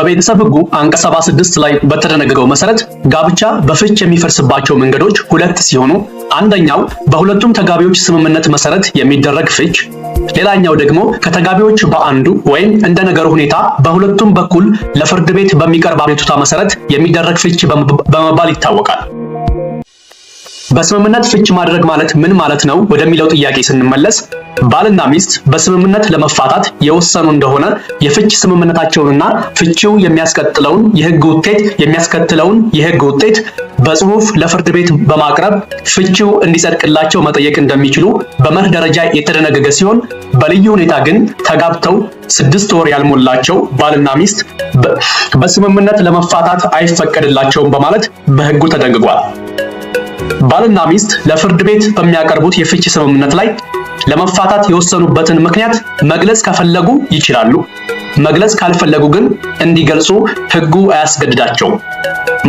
በቤተሰብ ህጉ አንቀጽ 76 ላይ በተደነገገው መሰረት ጋብቻ በፍች የሚፈርስባቸው መንገዶች ሁለት ሲሆኑ አንደኛው በሁለቱም ተጋቢዎች ስምምነት መሰረት የሚደረግ ፍች፣ ሌላኛው ደግሞ ከተጋቢዎች በአንዱ ወይም እንደ ነገሩ ሁኔታ በሁለቱም በኩል ለፍርድ ቤት በሚቀርብ አቤቱታ መሰረት የሚደረግ ፍች በመባል ይታወቃል። በስምምነት ፍች ማድረግ ማለት ምን ማለት ነው ወደሚለው ጥያቄ ስንመለስ ባልና ሚስት በስምምነት ለመፋታት የወሰኑ እንደሆነ የፍች ስምምነታቸውንና ፍቺው የሚያስቀጥለውን የህግ ውጤት የሚያስከትለውን የህግ ውጤት በጽሁፍ ለፍርድ ቤት በማቅረብ ፍቺው እንዲጸድቅላቸው መጠየቅ እንደሚችሉ በመርህ ደረጃ የተደነገገ ሲሆን በልዩ ሁኔታ ግን ተጋብተው ስድስት ወር ያልሞላቸው ባልና ሚስት በስምምነት ለመፋታት አይፈቀድላቸውም በማለት በህጉ ተደንግጓል። ባልና ሚስት ለፍርድ ቤት በሚያቀርቡት የፍቺ ስምምነት ላይ ለመፋታት የወሰኑበትን ምክንያት መግለጽ ከፈለጉ ይችላሉ። መግለጽ ካልፈለጉ ግን እንዲገልጹ ሕጉ አያስገድዳቸው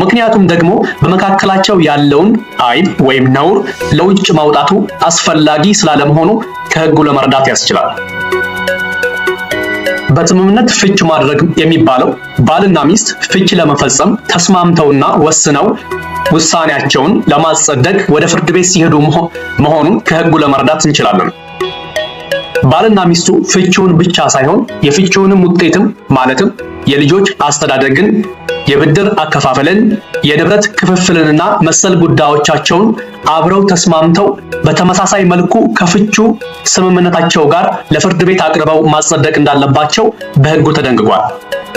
ምክንያቱም ደግሞ በመካከላቸው ያለውን አይብ ወይም ነውር ለውጭ ማውጣቱ አስፈላጊ ስላለመሆኑ ከሕጉ ለመረዳት ያስችላል። በስምምነት ፍች ማድረግ የሚባለው ባልና ሚስት ፍች ለመፈጸም ተስማምተውና ወስነው ውሳኔያቸውን ለማጸደቅ ወደ ፍርድ ቤት ሲሄዱ መሆኑን ከህጉ ለመረዳት እንችላለን። ባልና ሚስቱ ፍቺውን ብቻ ሳይሆን የፍቺውንም ውጤትም ማለትም የልጆች አስተዳደግን፣ የብድር አከፋፈልን፣ የንብረት ክፍፍልንና መሰል ጉዳዮቻቸውን አብረው ተስማምተው በተመሳሳይ መልኩ ከፍቹ ስምምነታቸው ጋር ለፍርድ ቤት አቅርበው ማጸደቅ እንዳለባቸው በህጉ ተደንግጓል።